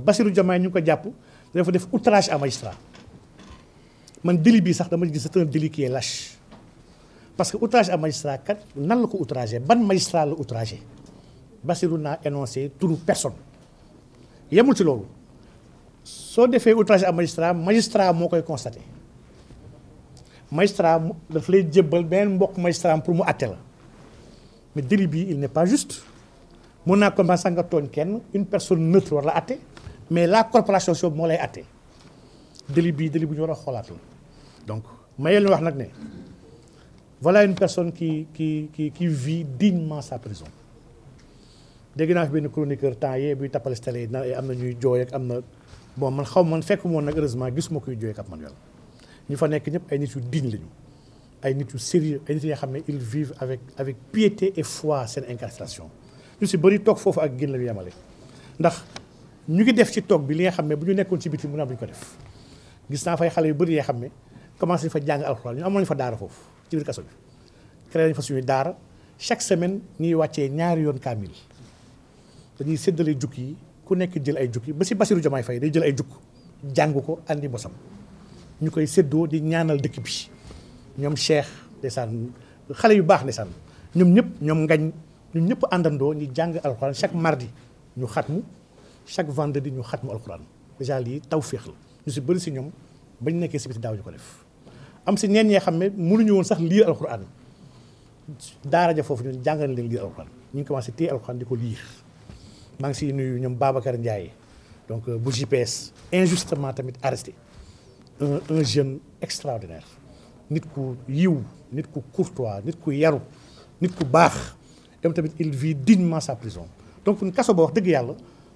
Bassirou Diomaye ñu ngi ko jàpp dafa def outrage à magistrat man délit bii sax dama gis c'est un délit qui est parce que outrage à magistrat kat nan la ko outragé ban magistrat la outragé Bassirou naa énoncé tour personne yemul ci loolu soo defee outrage à magistrat magistrat moo koy constaté magistrat dafa lay jébbal beneen mbokk magistrat pour mu àtte la mais délit bi il n'est pas juste mun naa commencer nga tooñ kenn une personne neutre war la àtte mais la corporation sociale mon lay atte délit bii délit bu ñu war donc may leen wax nag ne voilà une personne qui qui qui qui vit dignement sa prison dégg naa fi benn chroniqueur temps yee buy tappale si télé na eh, am na ñuy jooy ak am bon man xaw man fekk mo nak heureusement gisuma koy jooy ak man ñu fa nek ñep ay nit yu digne lañu ay nit yu sérieux ay nit yoo xam ils vivent avec avec piété et foi seen incarcération ñu ci bari tok fofu ak gën la yamalé ndax ñu ngi def ci toog bi li nga xam ne bu ñu nekkoon ci biti mun naa bu ñu ko def gis naa fay xale yu bëri yoo xam ne commencé fa jàng alxuraan ñu amoon ñu fa daara foofu ci biir kaso bi créé fa suñuy daara chaque semaine ñuy wàccee ñaari yoon kaamil dañuy séddale jukk yi ku nekk jël ay jukk yi ba si Bassirou Diomaye Faye day jël ay jukk jàng ko andi bosam ñu koy séddoo di ñaanal dëkk ñoom Cheikh ndeysaan xale yu baax ndeysaan ñoom ñëpp ñoom ngañ ñoom ñëpp àndandoo ñi jàng alxuraan chaque mardi ñu xat xatmu chaque vendredi ñu xatmu alxuraan déjà lii tawféex la ñu si bëri si ñoom bañ nekkee si biti daaw ñu ko def am si ñeen ñee xam ne mënuñu woon sax liir alxuraan daara ja foofu ñun jàngal leen liir alxuraan ñu ngi commencé téye alxuraan di ko liir maa ngi siy nuyu ñoom Babacar njaaye donc euh, bu GPS injustement tamit arrêté un un jeune extraordinaire nit ku yiw nit ku courtois nit ku yaru nit ku baax dem tamit il vit dignement sa prison donc kaso dëgg yàlla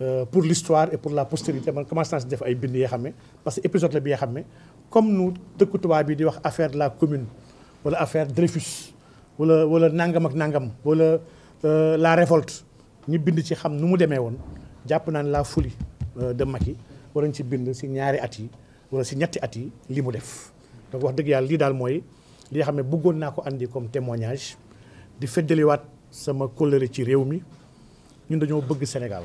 Euh, pour l'histoire et pour la postérité man commence naa si def ay bind parce que épisode la bi comme nous dëkku tubaab bi di wax affaire de la commune wala affaire Dreyfus wala wala nangam ak nangam wala euh, la révolte Nous bind ci xam nu mu demee woon la folie euh, de Macky waroon ci bind si ñaari ati, wala ci ñetti at yi li mu def donc wax dëgg yàlla lii daal mooy li nga xam ne bëggoon naa ko andi comme témoignage di feddaliwaat sama kóllëre ci réew mi ñun dañoo bëgg Sénégal